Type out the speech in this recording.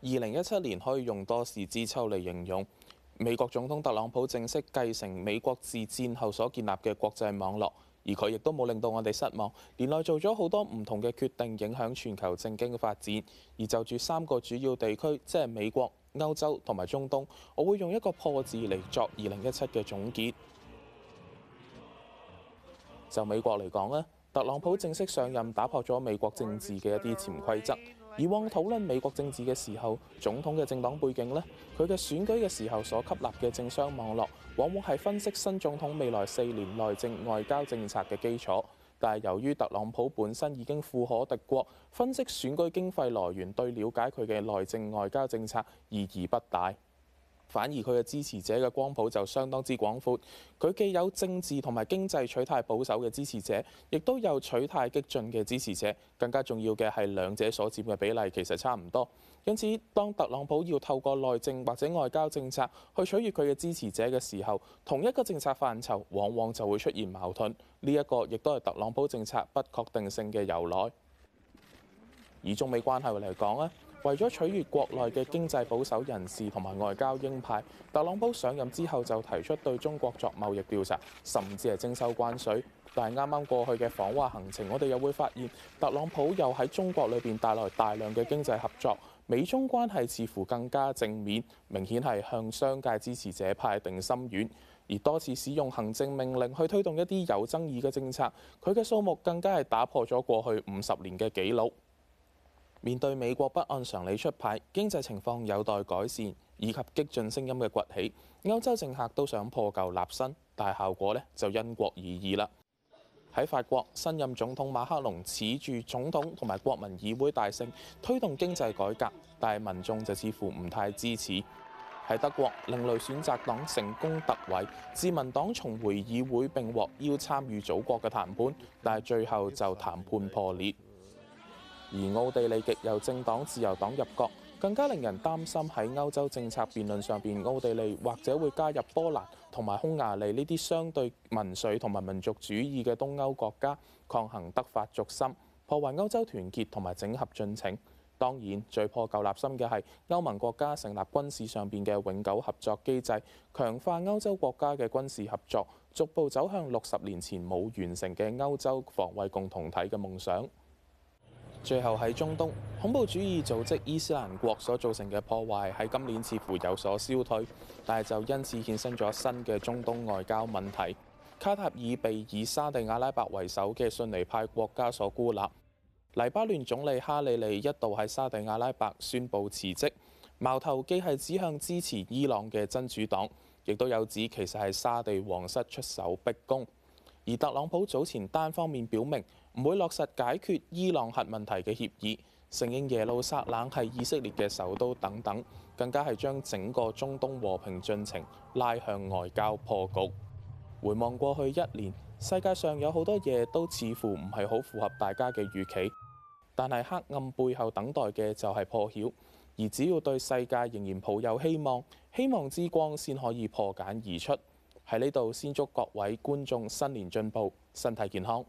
二零一七年可以用多事之秋嚟形容，美國總統特朗普正式繼承美國自戰後所建立嘅國際網絡，而佢亦都冇令到我哋失望，年內做咗好多唔同嘅決定，影響全球政經嘅發展。而就住三個主要地區，即係美國、歐洲同埋中東，我會用一個破字嚟作二零一七嘅總結。就美國嚟講呢，特朗普正式上任，打破咗美國政治嘅一啲潛規則。以往討論美國政治嘅時候，總統嘅政黨背景呢，佢嘅選舉嘅時候所吸納嘅政商網絡，往往係分析新總統未來四年內政外交政策嘅基礎。但係由於特朗普本身已經富可敵國，分析選舉經費來源對了解佢嘅內政外交政策意義不大。反而佢嘅支持者嘅光譜就相當之廣闊，佢既有政治同埋經濟取態保守嘅支持者，亦都有取態激進嘅支持者。更加重要嘅係兩者所佔嘅比例其實差唔多。因此，當特朗普要透過內政或者外交政策去取悅佢嘅支持者嘅時候，同一個政策範疇往往就會出現矛盾。呢一個亦都係特朗普政策不確定性嘅由來。以中美關係嚟講啊。為咗取悦國內嘅經濟保守人士同埋外交鷹派，特朗普上任之後就提出對中國作貿易調查，甚至係徵收關稅。但係啱啱過去嘅訪華行程，我哋又會發現特朗普又喺中國裏邊帶來大量嘅經濟合作，美中關係似乎更加正面，明顯係向商界支持者派定心丸，而多次使用行政命令去推動一啲有爭議嘅政策，佢嘅數目更加係打破咗過去五十年嘅紀錄。面對美國不按常理出牌、經濟情況有待改善以及激進聲音嘅崛起，歐洲政客都想破舊立新，但係效果呢，就因國而異啦。喺法國，新任總統馬克龍恃住總統同埋國民議會大勝，推動經濟改革，但係民眾就似乎唔太支持。喺德國，另類選擇黨成功突圍，自民黨重回議會並獲邀參與祖國嘅談判，但係最後就談判破裂。而奧地利極右政黨自由黨入閣，更加令人擔心喺歐洲政策辯論上邊，奧地利或者會加入波蘭同埋匈牙利呢啲相對民粹同埋民族主義嘅東歐國家，抗衡德法軸心，破壞歐洲團結同埋整合進程。當然，最破舊立新嘅係歐盟國家成立軍事上邊嘅永久合作機制，強化歐洲國家嘅軍事合作，逐步走向六十年前冇完成嘅歐洲防衛共同體嘅夢想。最後喺中東恐怖主義組織伊斯蘭國所造成嘅破壞喺今年似乎有所消退，但係就因此衍生咗新嘅中東外交問題。卡塔爾被以沙地阿拉伯為首嘅遜尼派國家所孤立。黎巴嫩總理哈里利一度喺沙地阿拉伯宣布辭職，矛頭既係指向支持伊朗嘅真主黨，亦都有指其實係沙地皇室出手逼宮。而特朗普早前單方面表明唔會落實解決伊朗核問題嘅協議，承認耶路撒冷係以色列嘅首都等等，更加係將整個中東和平進程拉向外交破局。回望過去一年，世界上有好多嘢都似乎唔係好符合大家嘅預期，但係黑暗背後等待嘅就係破曉，而只要對世界仍然抱有希望，希望之光先可以破繭而出。喺呢度先祝各位觀眾新年進步，身體健康。